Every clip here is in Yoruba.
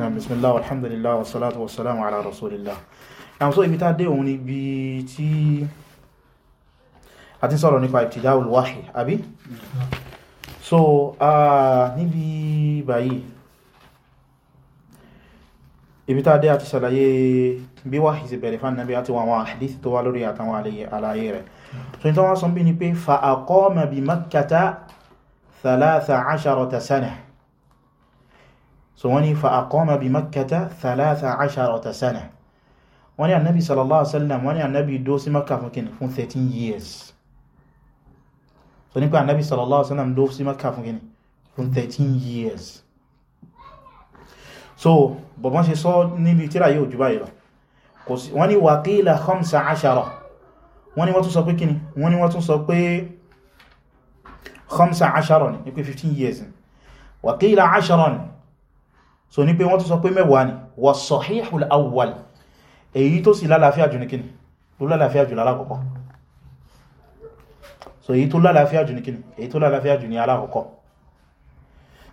na bismillah alhamdulillah wa salatu wa salamu ala rasulillah na so ibi ta dé òun ni bí tí a ti sọ̀rọ̀ nípa ibtida'ul wahyi àbí so níbi báyìí ibi ta dé àti ṣàlàyé bí wahyi ti bẹ̀rẹ̀ fán nàbí àti wọn hadith tó wá lórí àtàwọn àlàyé rẹ̀ so ní tọ́wọ́ sọ bí ni pé fa aqama makkata 13 sana so wọ́n ní fa'aqama bi makkata thalatha asharata sana wọ́n ní annabi sallallahu alaihi wasallam wọ́n ní annabi dó sí makka fún kìnnì 13 years so nípa annabi sallallahu alaihi wasallam dó sí makka fún kìnnì 13 years so bọ̀bọ́n ṣe sọ níbi tíra yóò jù báyìí lọ wọ́n ní wa qila khamsa ashara wọ́n ní wọ́n tún sọ pé kìnnì wọ́n ní wọ́n tún sọ pé khamsa ashara ní pé 15 years wa qila ashara ní so ní pé wọ́n tún sọ pé mẹ́wàá ni wà sahihul awwal èyí tó sì lálàáfíà jù ní kíni tó lálàáfíà jù lálákọ̀ọ́kọ́ so èyí tó lálàáfíà jù ní kíni èyí tó lálàáfíà jù ní alákọ̀ọ́kọ́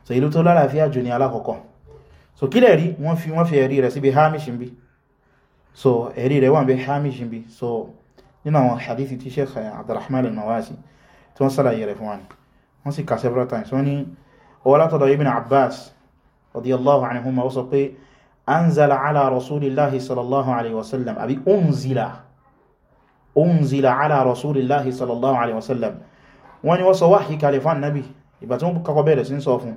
so èyí tó lálàáfíà jù ní alákọ̀ọ́kọ́ so kí lẹ̀ rí wọ́n fi wọ́n fi ẹ̀rí rẹ̀ síbi hamish bí so ẹ̀rí rẹ̀ wọ́n bí hamish bí so nínú àwọn hadithi tí sheikh abdurrahman al-nawasi tí wọ́n sálàyé rẹ̀ wa ni wọ́n sì kà several times wọ́n ní ọwọ́látọ̀dọ̀ ibn abbas radiyallahu anhuma ó sọ pé anzala ala rasulillahi sallallahu alaihi wasallam àbí unzila unzila ala rasulillahi sallallahu alaihi wasallam wọ́n ni wọ́n sọ wáhí kalifan nabi ìgbà tí wọ́n kọ́kọ́ bẹ̀rẹ̀ sí sọ fún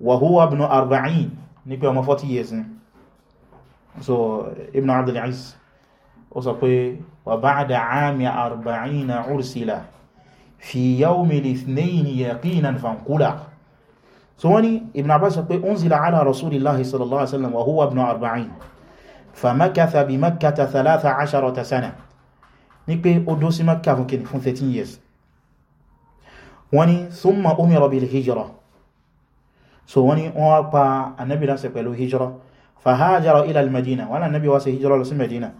wa huwa ibn arba'in ní pé ọmọ 40 years ni so ibn abdul aziz ó sọ pé wa ba'da aami arba'ina ursila fi yawmi lithnayn yaqinan fanqula so wọ́n ní ibn abbas sọ pé unzila ala rasulillahi sallallahu alaihi wasallam wa huwa ibn arba'in famakatha bi makkata thalatha asharata sana ní pé ó dó sí makka fún kìnnì fún 13 years wọ́n ní thumma umira bil hijra so wọ́n ní wọ́n wá pa annabi láṣẹ pẹ̀lú hijra fahajara ila al madina wọ́n annabi wá ṣe hijra lọ sí madina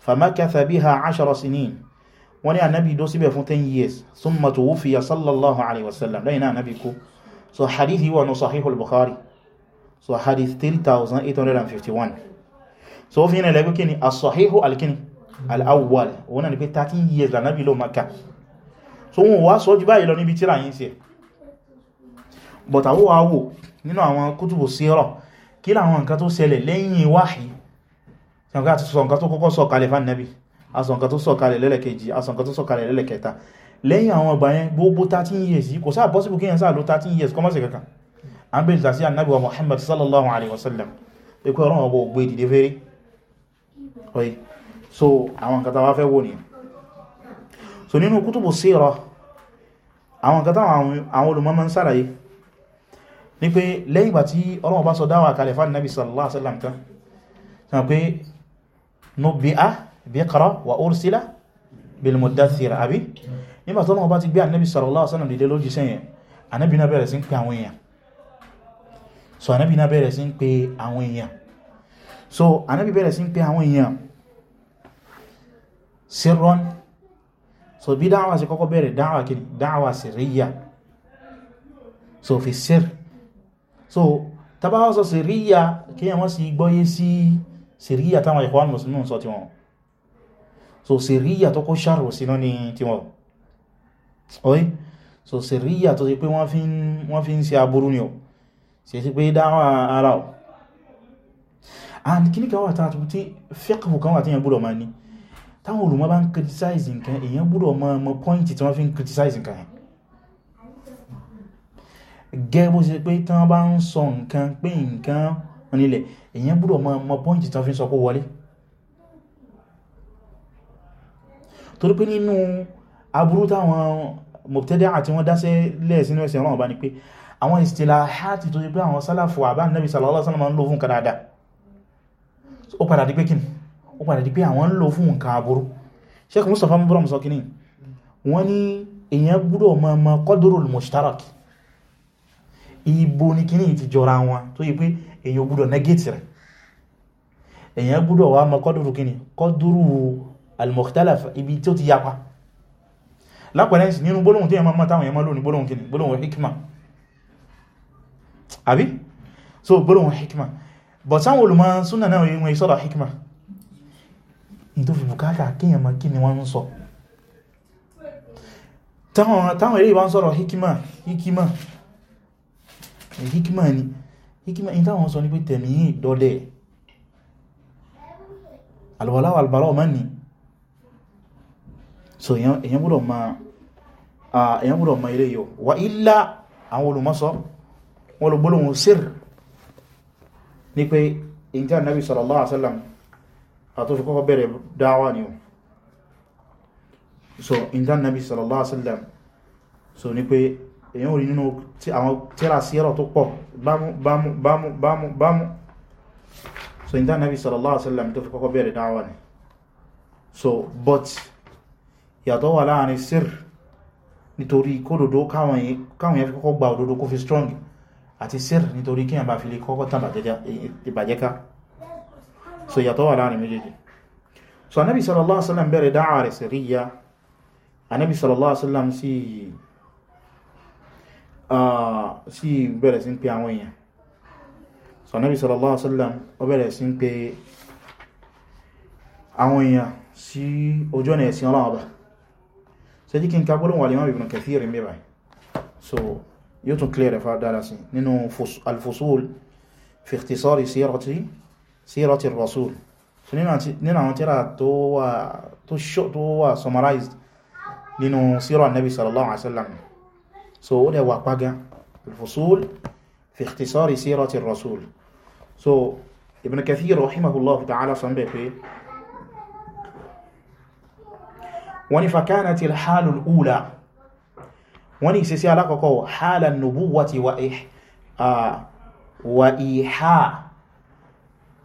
famakatha biha ashara sinin wọ́n ní annabi dó síbẹ̀ fún 10 years thumma tuwufiya sallallahu alaihi wasallam lẹ́yìn náà annabi kú so hadith yìí wà ní sahihul bukhari so hadith 3851 so fi ní ẹlẹ́gbẹ́ kíni as-sahihu alkini al'awwal wọn na ni pé 13 years la nábi ló maka so wọn wá sọ́jú báyìí lọ níbi tíra yìí sí ẹ̀ but àwọn wá wò nínú àwọn kútùbù sírà kí láwọn nǹkan tó ṣẹlẹ̀ lẹ́yìn wáhí sọ nǹkan tó kọ́kọ́ sọ kalẹ̀ fán nábi a sọ nǹkan tó sọ kalẹ̀ lẹ́lẹ̀kejì a sọ nǹkan tó sọ kalẹ̀ lẹ́lẹ̀kẹta lẹ́yìn àwọn ọgbà yẹn gbogbo 13 years yìí kò sáà possible kíyàn sáà ló 13 years kọmọ́sí kankan an bèèrè tàṣí annabi wa muhammad sallallahu alaihi wasallam ikú ọ̀rọ̀ ọgbọ̀ ògbé ìdìdé fẹ́rẹ́ ọ̀yí so àwọn kata wá fẹ́ wò ní so nínú kútùbù síra àwọn kata àwọn olùmọ́mọ́ ń ní pé lẹ́yìn ìgbà tí Ọlọ́run bá sọ dáwà kalẹ̀ fún annabi sallallahu alaihi wasallam tán nígbà tó lọ́wọ́ bá ti gbé ànábì sallallahu alaihi wasallam dìde lójíṣẹ́ yẹn ànábì náà bẹ̀rẹ̀ sí ń pe àwọn èèyàn so ànábì náà bẹ̀rẹ̀ sí ń pe àwọn èèyàn so ànábì bẹ̀rẹ̀ sí ń pe àwọn èèyàn sirron so bí dáwà sí kọ́kọ́ bẹ̀rẹ̀ dáwà kìí dáwà sirriya so fi sir so tàbáwà sọ sirriya kí wọ́n sì gbọ́yé sí sirriya táwọn ikhwan muslimun sọ tiwọn so sirriya tó kó sharro sínú ni tiwọn oi so sirriya tó ti pé wọ́n fi ń se aburú ni ọ̀ sí sí pé dáwà ara ọ̀ and kí ní kẹwàá tààtù tí fíkàfù kan wà tí yẹn gbọ́dọ̀ máa ní táwọn olùmọ̀ bá ń criticize nǹkan èyàn gbọ́dọ̀ mọ mọ pọ́ìntì tí wọ́n fi ń criticize nǹkan yẹn gẹ́ bó ṣe pé tí wọ́n bá ń sọ nǹkan pé nǹkan nílẹ̀ èyàn gbọ́dọ̀ mọ mọ pọ́ìntì tí wọ́n fi ń sọ kó wọlé torí pé nínú aburú táwọn mọ̀tẹ́dẹ́ àti wọ́n dáṣẹ́ lẹ̀ sínú ẹ̀sìn ọlọ́run bá ní pé àwọn istilahati tó ti pé àwọn sálàfò àbá nẹ́bí sallallahu alaihi wasallam ń lò fún nǹkan dáadáa ó padà di pé kí ni ó padà di pé àwọn ń lò fún nǹkan aburú Sheikh Mustapha mbúrọ̀ mú sọ kí ni wọ́n ní èèyàn gbúdọ̀ mọ ọmọ qadrul mushtarak ti yapa lápẹ̀lẹ́ nínú gbólóhùn tí ẹ ma mọ́ táwọn ẹmọ́ lónìí gbólóhùn kìnnì gbólóhùn hikima àbí so gbólóhùn hikima but sáwọn olùmọ̀ súnà náà yíwọ̀n ìsọ́rọ̀ hikima in tó fi bukata kíyàn kí so èyàn gbọ́dọ̀ ma èyàn gbọ́dọ̀ ma ilé yọ wà ilá àwọn olùmọ́sọ́ wọn lọ gbọ́lọ̀wọ̀n sír ní pé ìjá nabi sallallahu alaihi wasallam àtúnṣe kọ́kọ́ bẹ̀rẹ̀ dáwà ni o so ìjá nabi sallallahu alaihi wasallam so ní pé èyàn orí nínú àwọn tíra síyẹ́rọ̀ tó pọ̀ bámú bámú bámú so ìjá nabi sallallahu alaihi wasallam tó fi kọ́kọ́ bẹ̀rẹ̀ so but ìyàtọ̀ wà láàrin sir nítorí kódòdó káwọn yẹn fi kọ́kọ́ gba òdòdó kó fi strong àti sir nítorí kí ẹ̀mbà fi lè kọ́kọ́ tàn ìbàjẹ́ká so ìyàtọ̀ wà láàrin méjèèjì so anábi sallallahu alaihi wasallam bẹ̀rẹ̀ dáa sallallahu alaihi wasallam sí sí bẹ̀rẹ̀ sí so anábi sallallahu alaihi wasallam pe àwọn èèyàn sí ojú ọ̀nà ẹ̀sìn ọlọ́ọ̀bá ṣe jí kí n ká gbọ́lọ́wọ́ al-Imam Ibn Kathir ń so yóò tún clear rẹ̀ fàdára sí nínú al-Fusul fi ikhtisari sirati sirati ar-Rasul so nínú àwọn tíra tó wà summarized nínú síra annabi sallallahu alaihi wasallam so ó dẹ̀ wà pàgá al-Fusul fi rasul so Ibn Kathir rahimahullahu ta'ala sọ wọ́n ni fakanati halul ula wọ́n ni ìsẹsí alákọ̀ọ́kọ́ halal nubuwati wa ìhá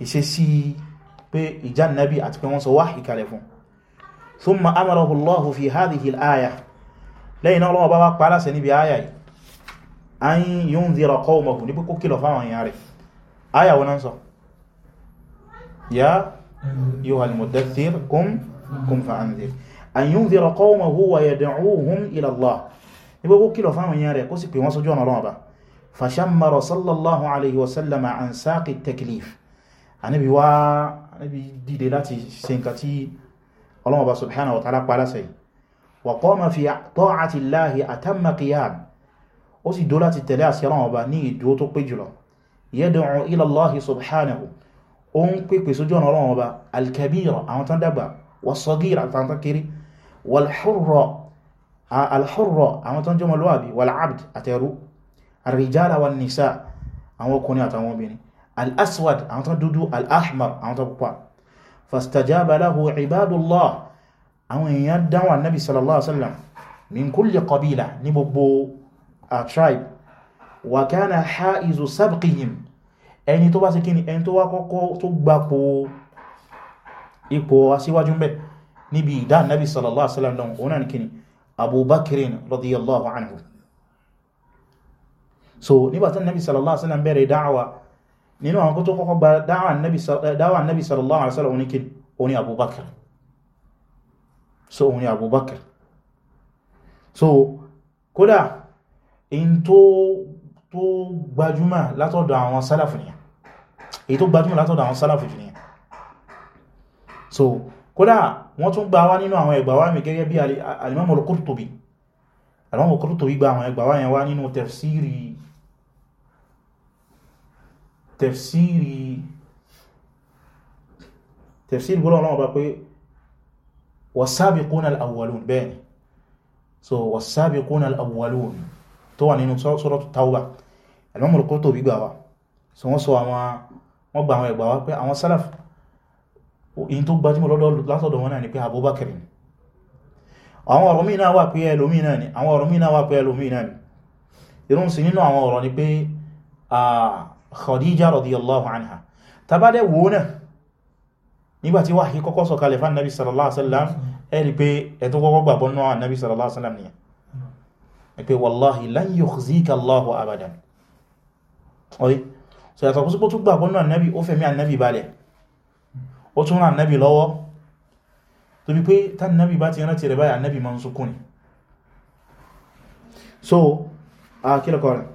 ìsẹsí pé ìjánabi àti pé wọ́n sọ wáhì kalẹ̀ fún thumma amarahu allahu fi hadhihi al-aya lẹ́yìn ọlọ́wọ́ bá wá pàálàsẹ̀ fa'anzir an yundhira qawmahu wa yad'uuhum ila Allah nígbà kó kìlọ̀ fáwọn èèyàn rẹ̀ kó sì pè wọ́n sójú ọ̀nà Ọlọ́run ba fashammara sallallahu alayhi wa sallam an saqi taklif anabi wa anabi dìde láti ṣe nǹkan tí Ọlọ́run ba subhanahu wa ta'ala pa láṣẹ yìí wa qama fi ta'ati Allahi atamma qiyam ó sì dó láti sójú ọ̀nà Ọlọ́run ba al àwọn tán dàgbà was-saghira àtàntàn kiri wàlhúrọ̀ àwọn tó ń jẹ́ ọmọlúwàbí wàl'abd àtẹrú àrìjára wà nìsá àwọn ọkùnrin àtàwọn obìnrin al'aswad àwọn tó dúdú al'ahmar àwọn tó pupa fastajaba lahu ibadullah àwọn èèyàn dáwọn nabi sallallahu alaihi wasallam min kulli tribe wa kana haizu sabqihim ẹni tó bá ṣe kíni ẹni tó wá níbi ìdá nabi sallallahu alaihi wasallam lọ́wọ́ onan kini abubakirin radiyallahu anhu so nígbàtí nabi sallallahu alaihi wasallam bẹ̀rẹ̀ dáwà nínú àwọn kótó kọ́kọ́ gba dáwà nabi eh, sallallahu alaihi wasallam oníkin oní abubakir so oní abubakir so kódà in tó tó gbajúmọ̀ látọ̀dọ̀ àwọn sálàfù nìyàn èyí tó gbajúmọ̀ látọ̀dọ̀ àwọn sálàfù jù nìyàn so kódà wọ́n tún gbà wá nínú àwọn ẹgbà wá mi gẹ́gẹ́ bí alimọ́mọ̀ Qurtubi alimọ́mọ̀ Qurtubi gba àwọn ẹgbà wá yẹn wá nínú tafsiri tafsiri tafsiri gbọ́nà ọlọ́wọ́ bá pé was-sabiquna al-awwalun bẹ́ẹ̀ni so was-sabiquna al-awwalun tó wà nínú suratu Tawba alimọ́mọ̀ Qurtubi gbà wá so wọ́n sọ àwọn wọ́n pé àwọn sálàfù èyí tó gbajúmọ̀ lọ́dọ̀ látọ̀dọ̀ wọn náà ni pé Abubakar ni àwọn ọ̀rọ̀ míì náà wà pé ẹlòmíì náà ni àwọn ọ̀rọ̀ míì náà wà pé ẹlòmíì náà ni irun sí nínú àwọn ọ̀rọ̀ ni pé Khadija radiyallahu anha tabade wo náà nígbàtí wahyi kọ́kọ́ sọ̀kalẹ̀ fún nabi sallallahu alaihi wasallam ẹ̀rí pé ẹ̀tọ́ kọ́kọ́ gbàgbọ́ náà nabi sallallahu alaihi wasallam nìyẹn pé wallahi lan yukhzika Allahu abadan ọ̀yí so yàtọ̀ kó sí pé tó gbàgbọ́ náà nabi ó fẹ̀mí annabi balẹ̀ ó tún rán ànábì lọ́wọ́ tó bí pé tánàbì bá ti rántí rẹ̀ báyìí ànábì máa ń sunkún ni so kílọ̀kọ́ rẹ̀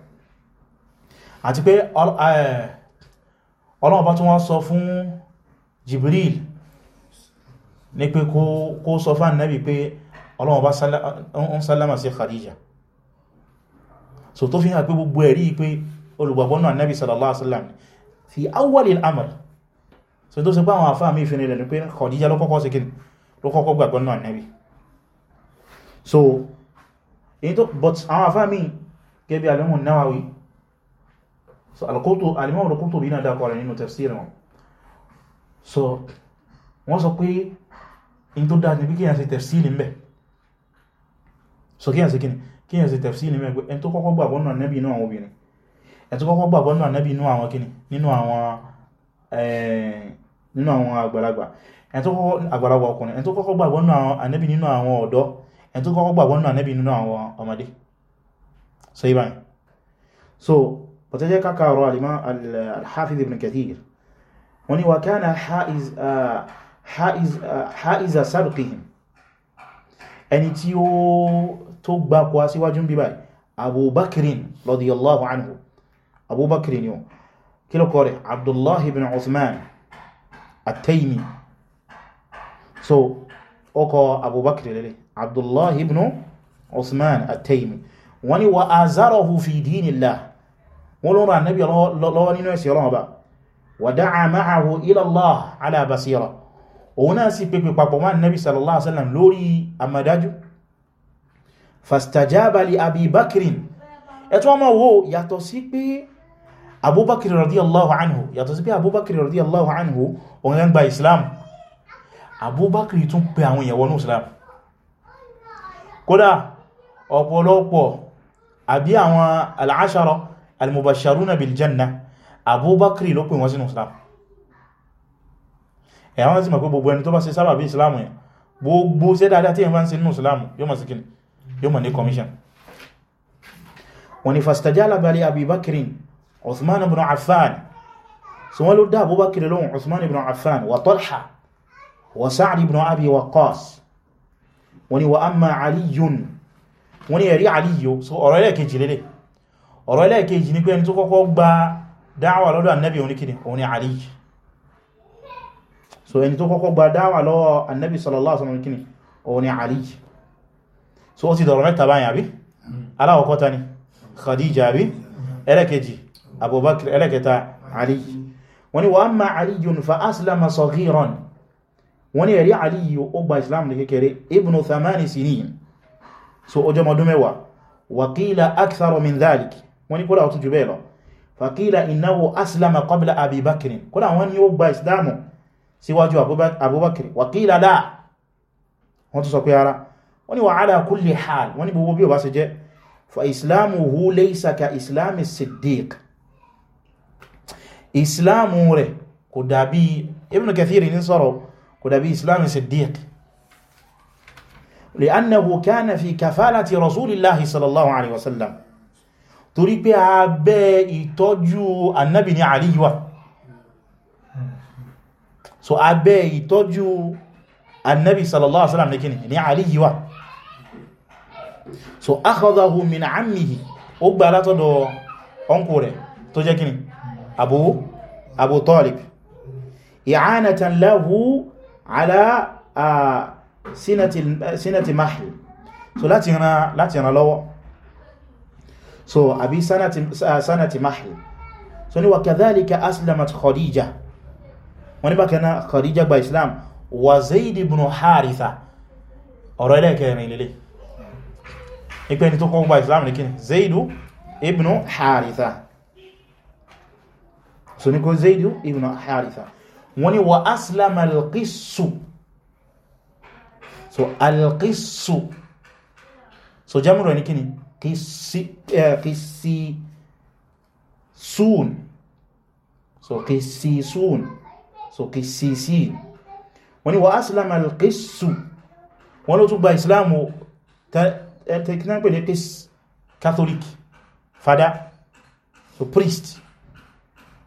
àti pé ọlọ́run bá tún wá sọ fún Jibril ní pé kó sọ fún ànábì pé ọlọ́run bá ń sálámà sí Khadija so tó fi hàn pé gbogbo ẹ̀rí pé olùgbàgbọ́nà ànábì sallallahu alaihi wasallam fi awwalil amr so tó ṣe pé àwọn àfáà mi ìfẹ́ nílẹ̀ ni pé Khadija ló kọ́kọ́ sí kíni ló kọ́kọ́ gbàgbọ́ náà nẹ́bí so èyí tó but àwọn àfáà mi gẹ́bí alimamun Nawawi so alimamun Qurtubi bí náà dákọ̀ rẹ̀ nínú tafsir wọn so wọ́n So pé in tó dáa ní bí kíyàn sí tafsir ń bẹ̀ so kíyàn sí kíni kíyàn sí tafsir ń bẹ̀ pé ẹn tó kọ́kọ́ nabi, náà nẹ́bí inú àwọn obìnrin ẹn tó kọ́kọ́ gbàgbọ́ náà nẹ́bí inú àwọn kíni nínú àwọn Eh, nínú àwọn àgbàlagbà àgbàlagbà ọkùnrin ẹni tó kọ́kọ́ gbàgbọ́ nínú àwọn ànábì nínú àwọn ọ̀dọ́ ẹni tó kọ́kọ́ gbàgbọ́ nínú ànábì nínú àwọn ọmọdé so ibà so pọ̀tẹ́jẹ́ káka ọ̀rọ̀ alìmọ́ al-Hafiz ibn Kathir wọ́n ni wà kánà ha'iza sabqihim ẹni tí ó tó gbà kwa síwájú bíbá Abu Bakrin radiyallahu anhu Abu yóò kí ló kọ rẹ̀ abdullah ibn uthman at-taymi so ọkọ̀ abubakar lẹ́lẹ́ abdullah ibn uthman at-taymi wọ́n ni wa azarahu fi dinillah wọ́n lọ́rọ̀ annabi lọ́wọ́ nínú ẹ̀sẹ̀ ọlọ́wọ́ ba wa da'a ma'ahu ila Allah ala basira òun náà sì pépè papọ̀ mọ́ annabi sallallahu alaihi lórí amadájú fastajaba abi bakrin ẹ̀tọ́ ọmọ wo yàtọ̀ sí pé abubakir radiyallahu anhu yàtọ̀ sí pé abubakir radiyallahu anhu òun yẹn gba islam abubakir tún pè àwọn èèyàn wọnú islam kódà ọ̀pọ̀lọpọ̀ àbí àwọn al'ashara al-mubasharuna bil janna abubakir ló pè wọ́n sínú islam ẹ̀yàwó sí ma pé gbogbo ẹni tó bá ṣe sábàbí islam yẹn gbogbo ṣe dáadáa tí ẹ̀yàn sí nínú islam yóò ma sikin yóò ma ní commission wọ́n ni fastajala bali abubakirin Uthman ibn Affan so wọ́n ló dá Abubakar lóhùn Uthman ibn Affan wa Talha wa Sa'd ibn Abi Waqqas wọ́n ní wa amma Aliyun wọ́n ní ẹ̀rí Aliyu so ọ̀rọ̀ ẹlẹ́ẹ̀kejì lélẹ̀ ọ̀rọ̀ ẹlẹ́ẹ̀kejì ni pé ẹni tó kọ́kọ́ gba dáwà lọ́dọ̀ annabi òní kìdì òní Aliyu so ẹni tó kọ́kọ́ gba dáwà lọ́wọ́ annabi sallallahu alaihi wasallam kìdì òní Aliyu so ó ti dọ̀rọ̀ mẹ́ta báyìí àbí hmm. aláwọ̀kọ́ta ni Khadija àbí hmm. ẹlẹ́ẹ̀kejì abubakir ẹlẹ́kẹta ali wọ́n ni wa amma aliyun fa aslama saghiran wọ́n ni ẹ̀rí aliyu ó gba islam ní kékeré ibnu thamani sinin so ó jọmọdún mẹ́wàá wa qila akthar min dhalik wọ́n ni kódà ó tún jù bẹ́ẹ̀ lọ fa qila innahu aslama qabla abi bakr kódà wọ́n ni ó gba islam síwájú abubakir wa qila la wọ́n tún sọ pé ara wọ́n ni wa ala kulli hal wọ́n ni gbogbo bí ó bá ṣe jẹ́ fa islamuhu laysa ka islami siddiq ìsìláàmù rẹ̀ kò dàbí Ibn Kathir ní sọ́rọ̀ kò dàbí ìsìláàmù Siddiq li'annahu kana fi kafalati rasulillahi sallallahu alaihi wasallam torí pé abẹ́ ìtọ́jú annabi ni Ali wà so abẹ́ ìtọ́jú annabi sallallahu alaihi wasallam ní kíni ni Ali wà so akhadahu min ammihi ó gbà látọ̀dọ̀ ọkùnrin tó jẹ́ kíni abu abu talib i'anatan lahu ala sinati sinati mahl so láti ran láti ran lọ́wọ́ so àbí sanati sanati mahl so ni wa kadhalika aslamat khadija wọ́n ní bákaná khadija gba islam wa zaid ibn haritha ọ̀rọ̀ ẹlẹ́kẹrin lélẹ̀ ipẹ́ ni tó kọ́ gba islam ní kí zaidu ibn haritha so ní kó zaidu ibn haritha wọ́n ni wa aslama alqisu so alqisu so jamuro ní kíni kìsí sun so kìsí sun so kìsí sí wọ́n ni wa aslama alqisu wọ́n ló tún gba islamu tẹ́kínà pẹ̀lú catholic fada so priest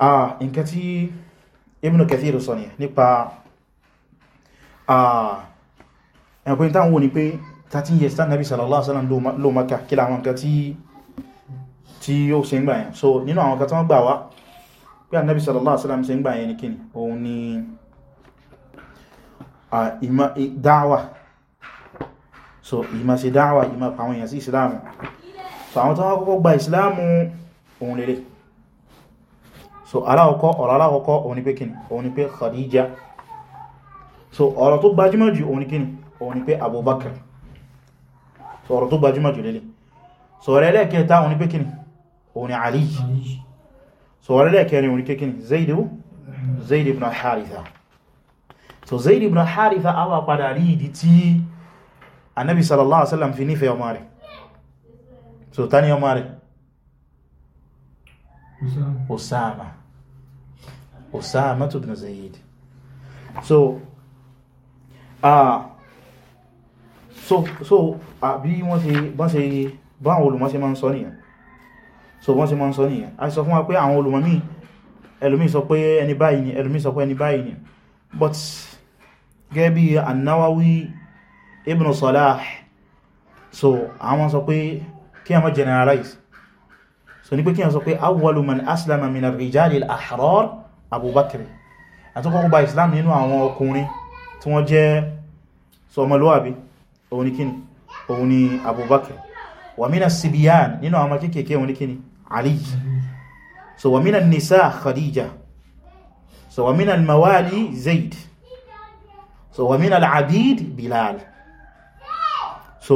a nkan tí Ibn Kathir sọ ní nípa ẹ̀kùn ìtàn wò ní pé 13 years tán Nabi sallallahu alaihi wasallam ló Maka kí láwọn nkan tí yóò ṣe ń gbà yẹn so nínú àwọn kan tán gbà wá pé Nabi sallallahu alaihi wasallam ṣe ń gbà yẹn ní kíni òun ni dáwà so ìmá ṣe dáwà ìmá pàwọn èèyàn sí ìsìláàmù so àwọn tán wọ́n kọ́kọ́ gba ìsìláàmù òun so aláwọ̀kọ́ ọ̀rọ̀ aláwọ̀kọ́ òun ni pé kíni òun ni pé Khadija so ọ̀rọ̀ tó gbajúmọ̀ jù òun ni kíni òun ni pé Abubakar so ọ̀rọ̀ tó gbajúmọ̀ jù lélẹ̀ so ọ̀rẹ́ lẹ́ẹ̀kẹta òun ni pé kíni òun ni Ali so ọ̀rẹ́ lẹ́ẹ̀kẹrin òun ni pé kíni Zaid Zaid ibn Haritha so Zaid ibn Haritha awa padà rí ìdí tí Annabi Osama. Osama ibn Zaid. So, ah, so, so, àbí uh, wọ́n ti bọ́n ṣe bá àwọn olùmọ̀ ṣe máa ń sọ nìyàn. So, bọ́n ṣe máa ń sọ nìyàn. A sọ fún wa pé àwọn olùmọ̀ míì, ẹlòmíì sọ pé ẹni báyìí ni, ẹlòmíì sọ pé ẹni báyìí ni. But, gẹ́gẹ́ bí An-Nawawi Ibn Salah, so, àwọn sọ pé kí a má generalize so ní pé kí n sọ pé awwalu man aslama min ar-rijali al-ahrar abubakar àtọ́kọ́kọ́ gba islam nínú àwọn ọkùnrin tí wọ́n jẹ́ sọmọlúwàbí òun ni kíni òun ni abubakar wa mina sibiyan nínú àwọn kéèkéé òun ni kíni ali so wa mina nisa khadija so wa mina mawali zaid so wa mina al-abid bilal so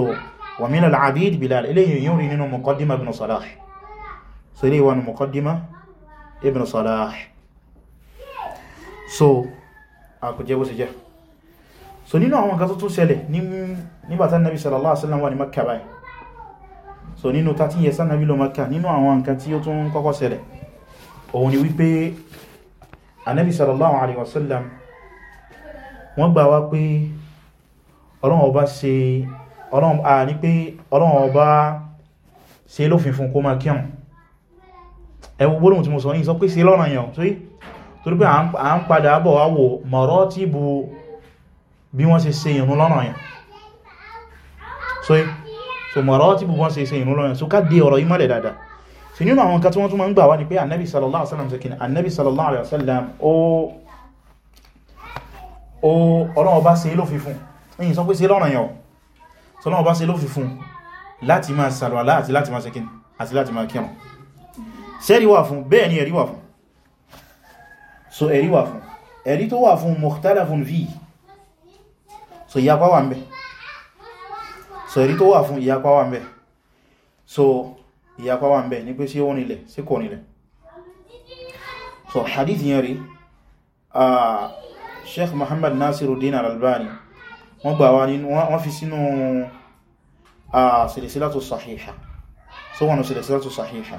wa mina al-abid bilal eléyìn yóò rí nínú ibn salah so ilé ìwà ní muqaddima ibn salah so àkùjẹ́ bó sì jẹ́ so nínú àwọn nǹkan tó tún ṣẹlẹ̀ nígbàtá nabi sallallahu alaihi wasallam wà ní makka báyìí so nínú 13 years nabi lọ makka nínú àwọn nǹkan tí ó tún kọ́kọ́ ṣẹlẹ̀ òun ni oh, wípé anabi ah, sallallahu alaihi wasallam wọ́n gbà wá pé ọlọ́run ọba ṣe ọlọ́run a ah, ní pé ọlọ́run ọba ṣe lófin fún kó máa kírun ẹwọ gbólóhùn tí mo sọ yìí sọ pé sí lọ́nà yàn tó yí torí pé à ń padà bọ̀ wá wò tí bu bí wọ́n ṣe ṣe ìrún lọ́nà yàn so yí tí bu wọ́n ṣe ṣe ìrún lọ́nà yàn so ká dé ọ̀rọ̀ yìí mọ́lẹ̀ dáadáa sí nínú àwọn nǹkan tí wọ́n tún máa ń gbà wá ni pé anabi sallallahu alaihi wasallam sakin sallallahu alaihi wasallam ó ó ọlọ́wọ́ bá ṣe lófin fún yìí sọ pé sí lọ́nà yàn sọlọ́wọ́ bá ṣe lófin fún láti máa sàlọ́lá àti láti máa sakin sẹ́rí wà fún bẹ́ẹ̀ ni ẹ̀rí wà fún so ẹ̀rí wà fún ẹ̀rí tó wà fún mukhtalafun fi so ìyapa wà ń bẹ so ẹ̀rí tó wà fún ìyapa wà ń bẹ so ìyapa wà ń bẹ ní pé sí ó nílẹ̀ sí kò nílẹ̀ so hadith yẹn rí uh, sheikh muhammad nasiruddin al-albani wọ́n gbà wá nínú wọ́n fi sínú uh, silsilatu sahiha so wọ́n silsilatu sahiha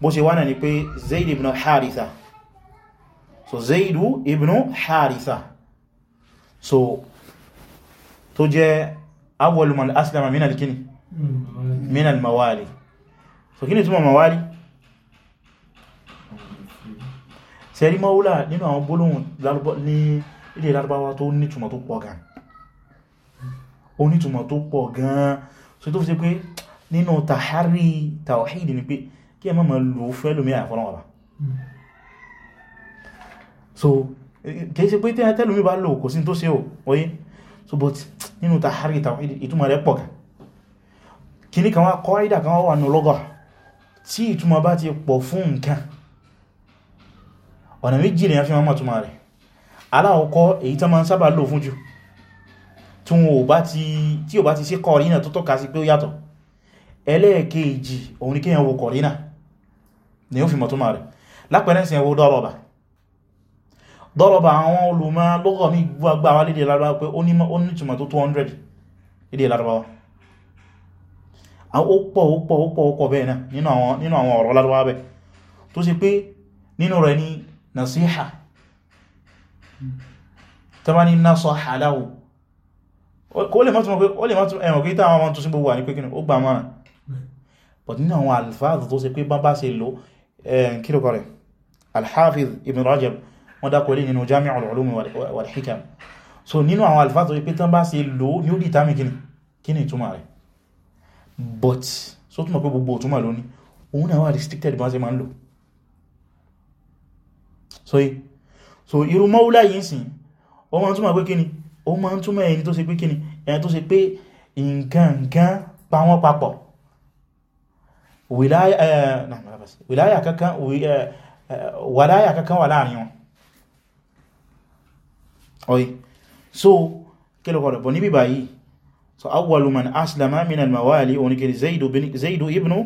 bó ṣe wánà ni pé zaid ibn haritha so zaidu ibn haritha so tó jẹ́ awwal man aslama min al-kini mm. mawali so kí ni túnmọ̀ mawali sẹ́rí maula nínú àwọn gbólóhùn ní ilé lárúbáwá tó nítumọ̀ tó pọ̀ gan onítumọ̀ tó pọ̀ gan so tó fi ṣe pé nínú tàhárí tàwàhídì ni pé kí ẹ mọ́ mọ́ lò fẹ́ lómi àfọ́lọ́wọ́ bá so kìí ṣe pé tí ẹtẹ́lómi bá lò kò sí tó ṣe òye so but nínú tahari tawhid ìtumọ̀ rẹ̀ pọ̀ kan kìní kan wá qaida kan wà nù lugha tí ìtumọ̀ bá ti pọ̀ fún nǹkan ọ̀nà méjì ni a fi máa túnmà rẹ̀ aláwọ̀kọ́ èyí tán máa ń sábà lò fún jù tí o bá ti ṣe kọ̀rínà tó tọ́ka sí pé ó yàtọ̀ ẹlẹ́ẹ̀kejì òun ni kíyàn wo kọ̀rínà ni yóò fi mọ̀ tó máa rẹ̀ lápẹẹrẹ sí ẹwọ dọ́rọ̀bà dọ́rọ̀bà àwọn olùmọ̀ lọ́gọ̀ ní gbogbo àwọn lédè larabawa pé ó ní túnmọ̀ tó 200 lédè larabawa ó pọ̀ ó pọ̀ ó pọ̀ ó pọ̀ bẹ́ẹ̀ náà nínú àwọn ọ̀rọ̀ larabawa bẹ́ẹ̀ tó sì pé nínú rẹ̀ ni nasiha tàbá ní nasa haláwò ó lè mọ́tún but nínú àwọn alfáàzù tó sì pé bá bá ṣe lò Eh, kílùkọ rẹ̀ al-Hafiz ibn Rajab wọ́n dákọ̀ lè nínú Jami'ul Ulum wal Hikam so nínú àwọn alfáàtò wípé tán bá ṣe lò ní ó dìtàmì kíni kíni ìtumọ̀ rẹ̀ but so túnmọ̀ pé gbogbo òtúnmọ̀ lóní òun náà wà restricted bá ṣe máa ń lò so so irú mọ́wúlá yìí sìn ó máa ń túnmọ̀ pé kíni ó máa ń túnmọ̀ ẹni tó ṣe pé kíni ẹni tó ṣe pé nǹkan nǹkan pa wọ́n papọ̀ wilaya na malabas wilaya kankan walaya kankan wà láàrin wọn oye so kí lọ kọ̀rọ̀ bọ̀ níbi báyìí so awwalu man aslama min al-mawali onikiri zaidu ibnu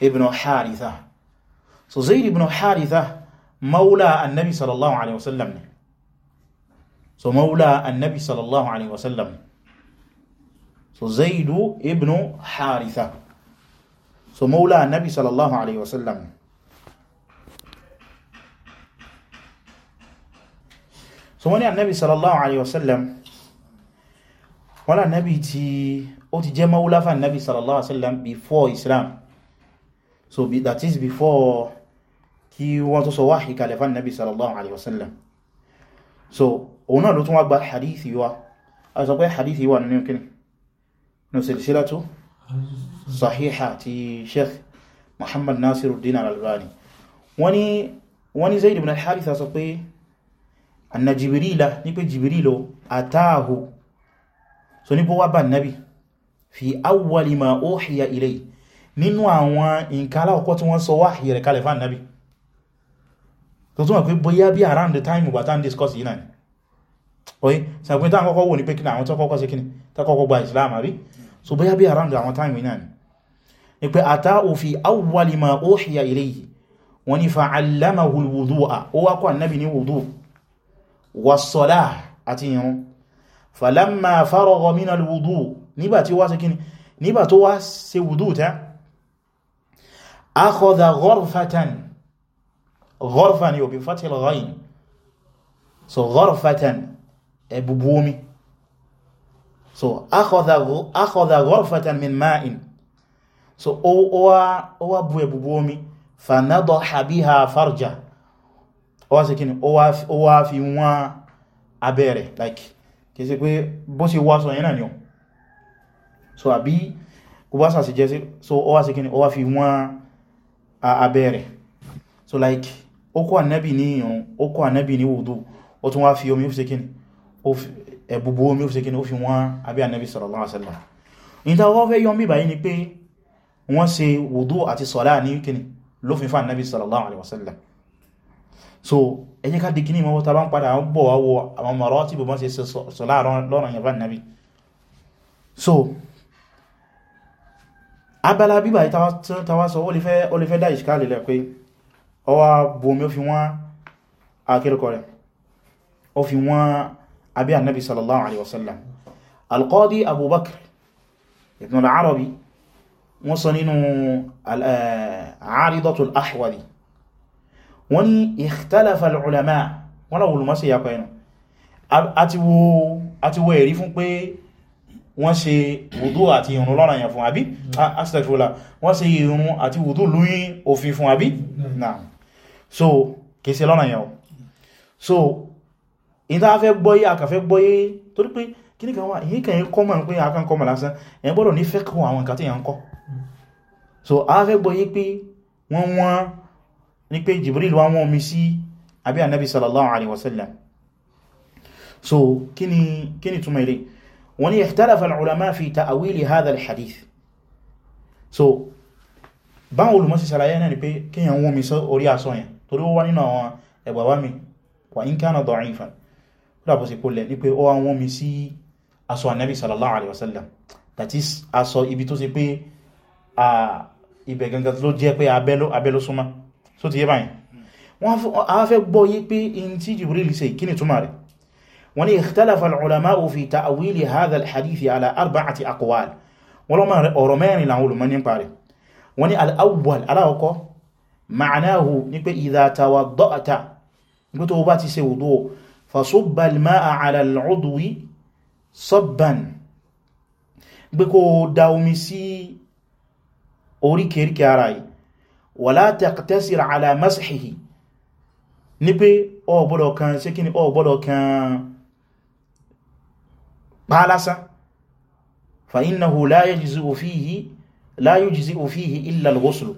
ibnu haritha so zaidu ibnu haritha maula annabi sallallahu alaihi wasallam ne so maula annabi sallallahu alaihi wasallam so zaidu ibnu haritha so mọ́wúlá annabi sallallahu alaihi wasallam so wọ́n ni annabi sallallahu alaihi wasallam wọ́n ni annabi tí ó ti jẹ́ mọ́wúlá fún annabi sallallahu alaihi wasallam before islam so that is before kí wọ́n tó sọ wáhì kalẹ̀ fún annabi sallallahu alaihi wasallam so òun náà ló tún wá gba hadithi wa a sọ pé hadithi wa nínú kíni no silsilatu sahiha ti sheikh muhammad nasiruddin al-albani wọ́n ní zaid ibn al-haritha sọ pé anna jibirila ní pé jibirilo atahu so ní pé wá bá nabi fi awwali ma uhiya ilay nínú àwọn nǹkan aláwọ̀kọ́ tí wọ́n sọ wá hìrẹ̀ kalẹ̀ fún nabi tó túnmọ̀ pé bóyá bí around the time ìgbà tá ń discuss yìí náà ni oye sàgbín tá àkọ́kọ́ wò ní pé kí ní àwọn tó kọ́kọ́ sí kí ní gba islam àbí so bóyá bí around àwọn time náà ni ni pé ata'u fi awwali ma uhiya ilayhi wọ́n ni fa'allamahu al-wudu'a ó wá kọ́ annabi ní wudu was-salah àti ìrun falamma faragha min al-wudu nígbà tí wá ṣe nígbà tó wá ṣe wudu ta akhadha ghurfatan ghurfan yóò bí fatil ghain so ghurfatan ẹ̀bùbù omi so akhadha ghurfatan min ma'in so ó wá bú ẹ̀bùbú omi fanadaha biha farja ó wá ṣe kíni ó wá fi wọ́n abẹ́rẹ̀ like kìí ṣe pé bó ṣe wá sọ yẹn náà ni ó so àbí kùbásà sí jẹ́ so ó wá ṣe kíni ó wá fi wọ́n abẹ́rẹ̀ so like ó kọ́ ànábì ní ìrun ó kọ́ ànábì ní wùdú ó tún wá fi ẹ̀bùbù omi ó fi kíni ó fi wọ́n abẹ́ ànábì sallallahu alaihi wasallam ní ta wọ́n fẹ́ yọ mí báyìí ni pé wọ́n ṣe wùdú àti sọ̀lá ní kíni ló fi fà ànábì so ẹjẹ́ ká di kíní mọ́ ta bá ń padà bọ̀ wá wo àwọn mọ̀rọ̀ tí bọ̀ ṣe sọ̀lá so abala bíbà ìtawà sọ ó lè fẹ́ dá ìṣkálẹ̀ lẹ́ pé ọwá bomi ó fi wọ́n akẹ́rẹ́kọ̀ rẹ̀ ó àbí annabi sallallahu alaihi wasallam alqadi abubakar ibn al-arabi wọ́n sọ nínú al-aridatul eh, ahwadi wọ́n ni ikhtalafa al-ulama wọ́n láwọn olùmọ́sí yapa ẹnu àti wo ẹ̀rí fún pé wọ́n ṣe wùdó àti ìrun lọ́nà yẹn fún àbí mm. astagfirullah wọ́n ṣe ìrun àti wùdó lóyìn òfin fún àbí mm. náà so kìí ṣe lọ́nà yẹn o so ìta fẹ́ gbọ́yé àkàfẹ́ gbọ́yé torí pé kí ní kan wá èyí kẹ̀yìn kọ́mọ̀ pé àkàn kọ́mọ̀ lásán ẹ̀yìn gbọ́dọ̀ ní fẹ́ kọ́ àwọn nǹkan tí yàn kọ́ so a fẹ́ gbọ́yé pé wọ́n wọ́n ní pé Jibril wá wọ́n omi sí àbí Ànábì sallallahu alaihi wasallam so kí ni kí ni túmọ̀ ilé wọ́n ni ikhtalafa al-ulama fi ta'wili hadha al-hadith so báwọn olùmọ́sí sàlàyé náà ni pé kíyàn wọ́n mi sọ orí asọ́ yẹn torí ó wá nínú àwọn ẹgbàwá mi wa in kana da'ifan lábọ̀ sí polẹ̀ ní pé ó wá wọ́n mi sí aṣọ ànábì sallallahu alaihi wasallam that is aṣọ ibi tó ṣe pé ibẹ̀ gangan ló jẹ́ pé abẹ́ ló súnmọ́ so ti yé báyìí wọ́n a fẹ́ gbọ́ yí pé in tí Jibril ṣe kí ni túmọ̀ rẹ̀ wọ́n ní ikhtalafa al-ulama'u fi ta'wili hadha al-hadithi ala arba'ati aqwal wọ́n lọ́mọ ọ̀rọ̀ mẹ́rin làwọn olùmọ́ nípa rẹ̀ wọ́n ní al aláwọ̀kọ́ ma'anahu ní pé idha tawadda'ta ní pé tó bá ti ṣe wudu fasubba al-ma'a ala al-udwi sabban bí kò da omi sí oríkèríkè ara yìí wala taqtasir ala mashihi ní pé ọ gbọ́dọ̀ kan ṣe kí ni ọ gbọ́dọ̀ kan pálásá fa innahu la yajzi'u fihi la yujzi'u fihi illa al-ghusl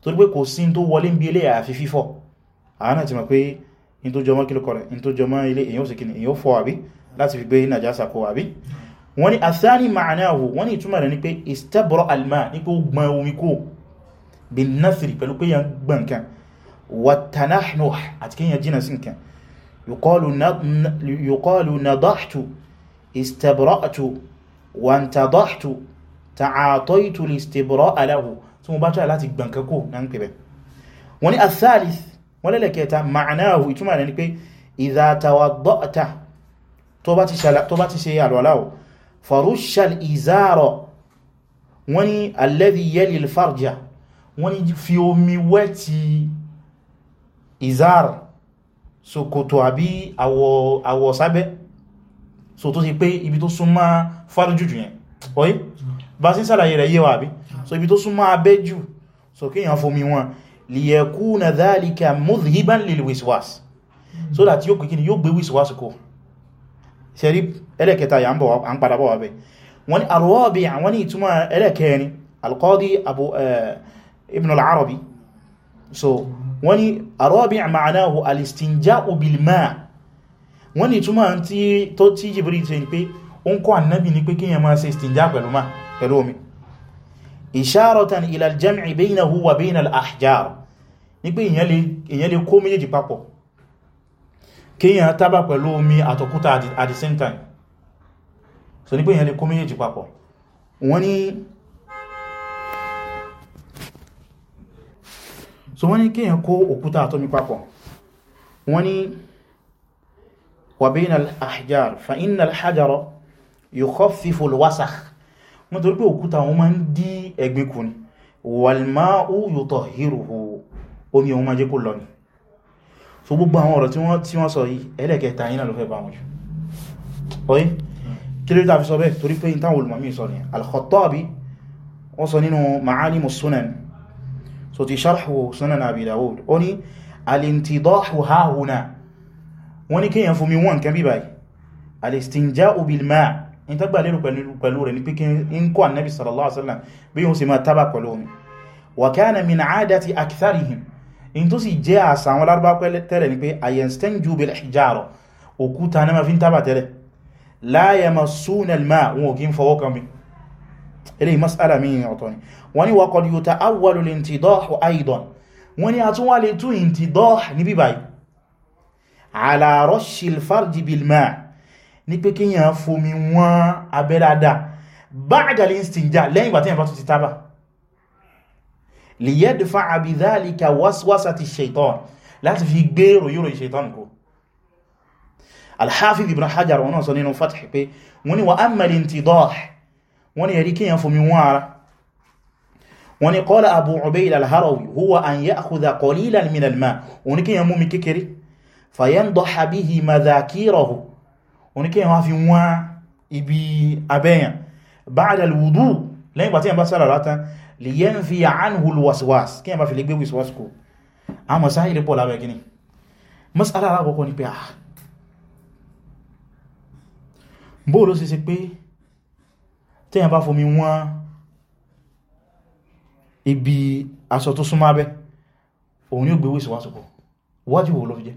torí pé kò sí tó wọlé ń bí ilé àfi fífọ̀ àwọn àti mọ̀ pé in tó jọmọ́ kí ló kọ̀rẹ̀ in tó jọmọ́ ilé èyàn sì kí ni èyàn fọ́ àbí láti fi gbé nàjásà kó àbí wọ́n ni àsáàrí ma'anáwò wọ́n ni ìtumọ̀ rẹ̀ ní pé istabra alma ní pé ó gbọ́n omi kó bí násìrì pẹ̀lú pé yàn gbọ́n nǹkan wàtànáhùn àti kí yàn jìnà sí nǹkan yùkọlù nadahtu istabra'tu wàntadahtu ta'ataitu listibra'a lahu tí mo bá tọ́ láti gbọ́n nǹkan kó náà ń pẹ̀bẹ̀ wọ́n ni àsáàrí wọ́n lẹ́lẹ̀kẹta ma'anáhù ìtumọ̀ rẹ̀ ni pé idha tawadda'ta tó bá ti ṣe alwàláwò farushal izaro wọ́n ni alladhi yali alfarja wọ́n ni fi omi wẹ́ ti izar ṣòkòtò àbí àwọ̀ sábẹ́ so tó ti pé ibi tó súnmọ́ farjújù yẹn oye bá sí sàlàyé rẹ̀ yíwa àbí so liyakuna dhalika mudhiban lilwiswas so that yóò kìkini yóò gbé wiswas kó ṣeré ẹlẹ́kẹta yà ń padà bọ̀ wábẹ̀ wọ́n ni arọ́bí àwọn ní ìtumọ̀ ẹlẹ́kẹrin alqadi abu ibn al so wọ́n ni arọ́bí ma'anahu alistinja'u bilma wọ́n ni ìtumọ̀ tí jibril ṣe ni pé ó ń kọ́ annabi ni pé kíyàn máa ṣe istinja pẹ̀lú omi ìṣàrọ̀tàn ìlàljẹ́mì bẹ́yìnà huwa bẹ́yìnà al'ahjar ní pé ìyẹn lè kó méjèèjì papọ̀ kíyàn tábà pẹ̀lú omi àtọ̀kúta at the same time so ní pé ìyẹn lè kó méjèèjì papọ̀ wọ́n ní so wọ́n ní kíyàn kó òkúta àtọ́mi papọ̀ wọ́n ní wà bẹ́yìnà al'ahjar fa inna al wọ́n torí pé òkúta wọn máa ń dí ẹ̀gbin kù ni walma'u yutahhiruhu omi òun máa jẹ́ kó lọ ni so gbogbo àwọn ọ̀rọ̀ tí wọ́n sọ yìí ẹlẹ́kẹta yìí náà ló fẹ́ bá wọn jù ọ̀yí kí ló tàbí sọ bẹ́ẹ̀ torí pé ìtàwọn olùmọ̀mí sọ ni al-Khattabi wọ́n sọ nínú ma'alimu sunan in tó gbà lérò pẹ̀lú rẹ̀ ní pé kí n kọ́ annabi sallallahu alaihi wasallam bí yíò sì máa tábà pẹ̀lú omi wa kana min aadati aktharihim in tó sì jẹ́ àṣà àwọn lárúbá tẹ́lẹ̀ ní pé yastanju bil hijara òkúta náà fi ń tábà tẹ́lẹ̀ la yamassuna al-ma wọn ò kí ń fọwọ́ ma' ní pé kíyàn fomi wọ́n abẹ́ dáadáa ba'da al-istinja lẹ́yìn ìgbà tí yàn bá tún ti tábà liyadfa'a bi dhalika waswasati shaitan láti fi gbé ròyìnrò shaitan kò al-Hafiz Ibn wọn sọ nínú Fath pé wọ́n ni wa amma al-intidah wọ́n ni yẹ̀rí ma wọ́n oníkẹ́ wọ́n fi wọ́n ibi abẹ́yàn ba'da al-wudu lẹ́yìn pàtí yàn bá sára látán liyanfi anhu al-waswas kí yàn bá fi lè gbé wiswas kò a mọ̀ sáyìí pọ̀ lábẹ́ gini mas'ala alákọ̀ọ́kọ́ ni pé ah bóòlù sí sí pé tí yàn bá fomi wájú wo ló fi jẹ́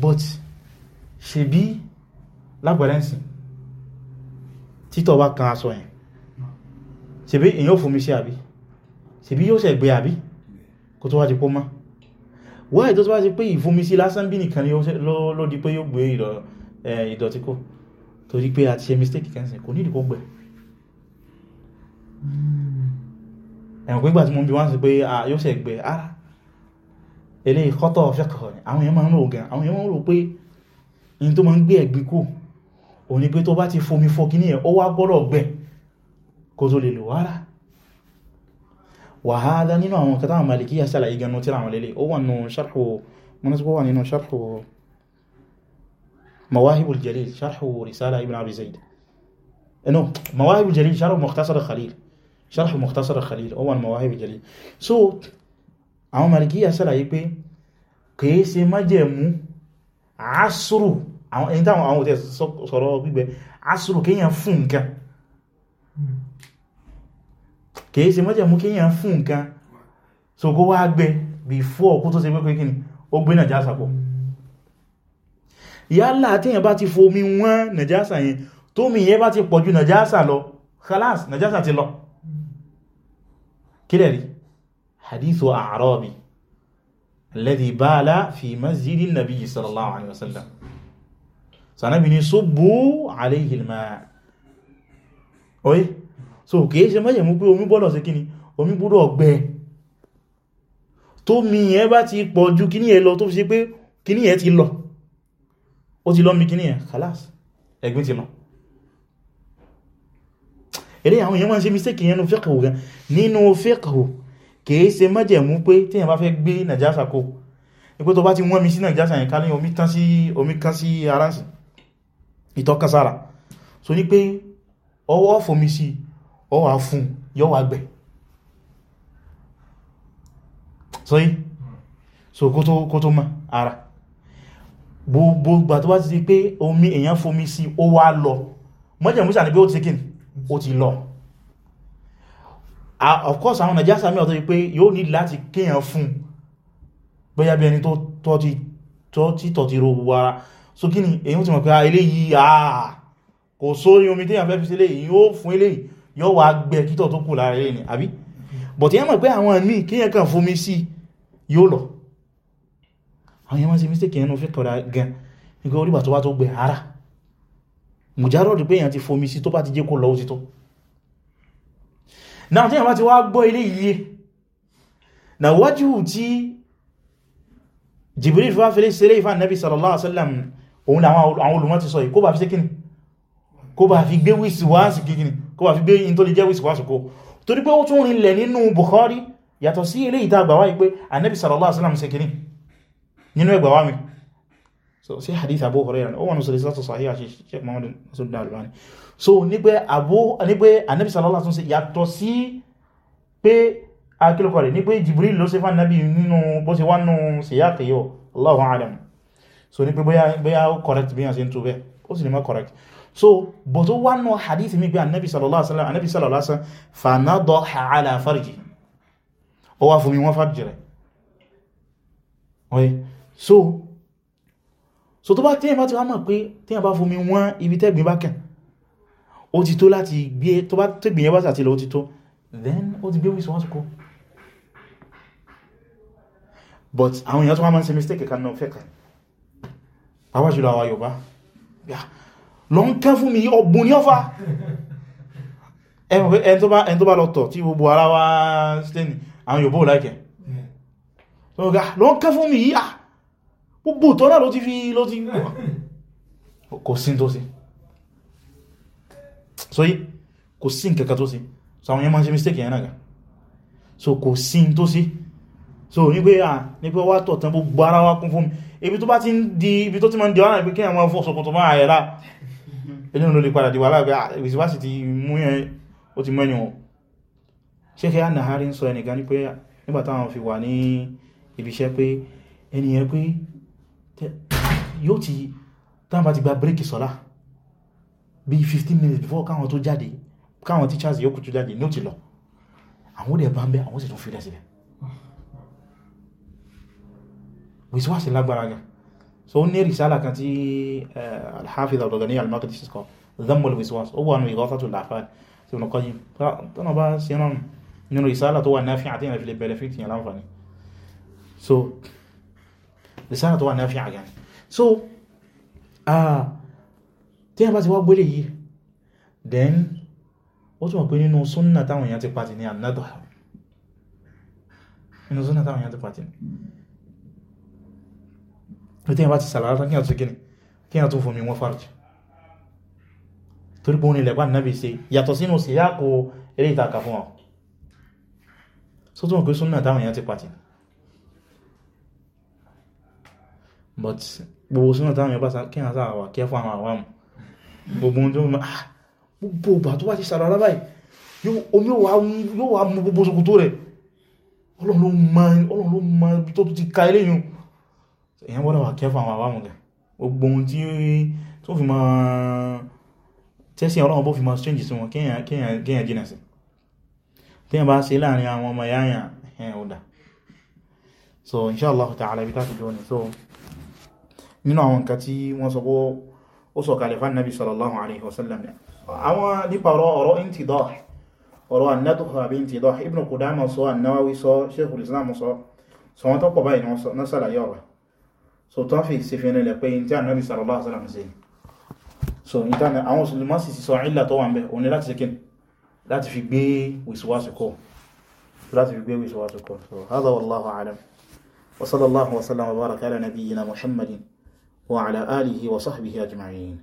but ṣebí lágbẹ̀rẹ́nsìn títọ́ bá kan aṣọ yẹn ṣebí èyàn ò fún mi ṣe àbí ṣebí yóò ṣẹ̀ gbé àbí kò tó wá ti pọ́ mọ́ wọ́n ìtọ́ tó wá ti pé ìfúnmisí lásán bí nìkan ló di pé yóò gbé ìdọ̀tí kò torí pé a ti ṣe mistake kẹsìn kò nídìí kó gbẹ̀ ẹ̀wọ̀n pé gbà tí mo ń bi wọ́n sí pé ah, yóò ṣẹ̀ gbẹ̀ ara ah, ilé ìkọ́tọ̀ fẹ́kọ̀ọ́ ni àwọn èèyàn máa ń rò gan àwọn èèyàn máa ń rò pé in tó máa ń gbé ẹ̀gbí kú o ní pé tó bá ti fomi fọ́kí ní ẹ̀ ó wá gbọ́rọ̀ gbẹ̀ kó tó lè lò wára wàhálà nínú àwọn kàtà àwọn Màlíkíyà sàlàyé gan tí àwọn lélẹ̀ ó wà nù sharhu mọ́nàsíkò wà nínú sharhu mawahibul jalil sharhu risala ibn abi zaid no mawahibul jalil sharhu mukhtasar khalil sharhu mukhtasar khalil ó wà mawahibul jalil so àwọn malikiya ṣàlàyé pé kìí ṣe májẹ̀mú asùrù àwọn ẹni táwọn àwọn òtẹ́ sọ̀rọ̀ gbígbẹ asùrù kíyàn fún nǹkan kìí ṣe májẹ̀mú kíyàn fún nǹkan so kó wá gbẹ before kó tó ṣe pé kíni ó gbé nàjásà pọ̀ yálà tíyàn bá ti fomi wọ́n nàjásà yẹn tó mi yẹ bá ti pọ̀jù nàjásà lọ khalas حديث أعرابي الذي بال في مسجد النبي صلى الله عليه وسلم سنبني صبوا عليه الماء oye so kìí ṣe mẹ́jẹ̀ mú pé omi bọ́lọ̀ sí kíni omi búrọ̀ ọgbẹ́ tó mi yẹn bá ti pọ̀ ju kíní ẹ lọ tó fi ṣe pé kíní ẹ ti lọ ó ti lọ mi kíní ẹ khalas ẹ̀gbin ti lọ eré àwọn èèyàn máa ń ṣe mistake yẹn nínú fiqhu gan nínú fiqhu kìí ṣe májẹ̀mú pé tí èyàn bá fẹ́ gbé nàjásà kó ipò tó bá ti wọ́n mi sí nàjásà yẹn ká ní omi tán sí omi kan sí aránsì ìtọ́kasára so ní pé ọwọ́ fòmí sí ọwọ́ fún yọ́ gbẹ̀ so yí so kó tó mọ́ ara gbogbo ìgbà tó bá ti pé omi èyàn fòmí sí ó wá lọ májẹ̀mú sà ní pé ó ó ti lọ of course àwọn nàìjásá mẹ́ ọ̀tọ́ yí pé yóò ní láti kéèyàn fún bóyá bí ẹni tó ti tọ̀tí ro gbogbo ara so kí ni èyí tí mọ̀ pé ah, eléyìí àà ah, kò sórí omi téèyàn fẹ́ fi sílé yìí yóò fún eléyìí yóò wá gbẹ títọ̀ tó kù lára eléyìí ni àbí but yẹn mọ̀ pé àwọn míì kéèyàn kàn fún mi sí yóò lọ àwọn yẹn máa ṣe mistake yẹn nu fi kọ̀ra gan nígbà orí bàtọ́ bá tó gbẹ ara mùjárọ̀dù pé èyàn ti fomi sí tó bá ti jẹ́ kó lọ ó ti tó náà tí ìwọ́n ti wá gbọ́ ilé iye na wájú tí Jibril fi wá fẹ́lé sẹ́lẹ̀ ìfà Nabi sallallahu alaihi wasallam òun àwọn olùmọ́ ti sọ yìí kó bá fi sé kíni kó bá fi gbé wíṣíwáṣì kíni kó bá fi gbé in tó lè jẹ́ wíṣíwáṣì kó torí pé ó tún Nabi sallallahu alaihi wasallam sé kíni so sí hadith Abu Hurairah ó wọn sọ̀rọ̀ ìsìlátọ̀ sàáhí àṣẹ Sheikh Muhammad Nasiruddin Albani so nígbẹ́ Abu nígbẹ́ Ànábì sallallahu alaihi wasallam yàtọ̀ sí pé akílùkọ̀ rẹ̀ nígbẹ́ Jibril ló ṣe fún Ànábì nínú bó ṣe wá nù síyàkì yọ Allahu a'lam so nígbẹ́ bóyá ó correct bí yàn sí ń tó bẹ́ẹ̀ ó sì ní má correct so bó tó wá nù hadith mi gbé Ànábì sallallahu alaihi wasallam Ànábì sallallahu alaihi wasallam fanadaha ala farji ó wá fún mi wọ́n farji rẹ̀ so so tó bá téèyàn bá ti wá mọ̀ pé téèyàn bá fomi wọ́n ibi tẹ́gbìn bá kàn ó ti tó láti gbé tó bá tẹ́gbìn yẹn bá sàtì lọ ó ti tó then ó ti gbé wíṣọ wọ́n sùkú but àwọn èèyàn tó wá máa ń ṣe mistake kan náà fẹ́ kan pàápàá jùlọ àwa Yorùbá lọ ń kẹ́ fún mi ọ̀bùn ní ọfà ẹn tó bá lọ tọ̀ tí gbogbo ara wá stẹ́ni àwọn Yorùbá ò láìkẹ̀ lọ ń kẹ́ fún mi yí ah gbogbo ìtọ́ náà ló ti fi ló ti kò sí tó sí mistake yẹn so kò sí so ní pé à ní pé wá tọ̀tán gbogbo ara wá kún fún mi ibi tó bá ti ń di ibi tó ti máa ń di wá náà pé kí àwọn fọ́sọ̀kùn tó máa yẹ̀rá ẹni ló lè padà di wà láàgbé ìsìwásì ti mú yẹn ó ti mẹ́yìn wọn ṣe kí á nà sọ ẹnìkan ní pé nígbàtàwọn fi wà ní ibiṣẹ́ pé ẹniyẹn pé yóò ti tán ti gba bírèkì sọ́lá bí 15 minutes before káwọn tó jáde káwọn teachers yóò kù tó jáde ní ó ti lọ àwọn ó dẹ̀ bá ń bẹ́ àwọn sì tún fílẹ̀ sílẹ̀ wíṣíwáṣí lágbára gan so ó ní rìsálà kan tí eh, al-Hafiz Abdul Ghani al-Maqdisi kọ Dhammul Wiswas ó wà ní Ighathatul Lahfan tí wọn kọ́ yìí tọ́nà bá sí ẹran nínú rìsálà tó wà náfíà àti ìrìnlẹ̀ bẹ̀rẹ̀ fìtìyàn láǹfààní so rìsálà tó wà náfíà gan so ah, tí a bá ti wá gbélé yìí then ó túnmọ̀ pé nínú súnnà táwọn èèyàn ti pàtì ní ànádọ́ nínú súnnà táwọn èèyàn ti pàtì ní pé tí a bá ti sàlárá tán kí a tó kíni kí a tó fún mi wọ́n fàájì torí bóhun ilẹ̀ pàtì náà bí ṣe yàtọ̀ sínú sí yàkó eré ìtàkà fún ọ so túnmọ̀ pé súnnà táwọn èèyàn ti pàtì but gbogbo súnà táwọn èèyàn bá sá kí àṣà àwà kí ẹfà àwọn àwàmù gbogbo ohun tó mọ́ ah gbogbo ọgbà tó wá ti sàrọ̀ alábà omi yóò wá mú gbogbo sókú tó rẹ̀ ọlọ́run ló ma tó ti ka ilé yìí èyàn wọ́n wà kẹfà àwọn àwàmù rẹ̀ gbogbo ohun tí tó fi ma tẹ́sí ọlọ́run bó fi ma so inshallah ta'ala ibi tá ti so nínú àwọn nǹkan tí wọ́n sọ ó sọ kalẹ̀ fún nabi sallallahu alaihi wasallam àwọn nípa ọ̀rọ̀ intidah ọ̀rọ̀ annadukha àbí intidah ibn Qudama sọ annawawi sọ sheikhul islam sọ sọ wọn tọ́pọ̀ báyìí ní sàlàyé ọ̀rọ̀ so tán fi sí fi nílẹ̀ pé ìntí annabi sallallahu alaihi wasallam sí so ìntànà àwọn musulman sì sọ ìlà tó wà ń bẹ òní láti síkín láti fi gbé wìsíwásí kọ́ láti fi gbé wa baraka ala nabiyyina muhammadin وعلى آله وصحبه أجمعين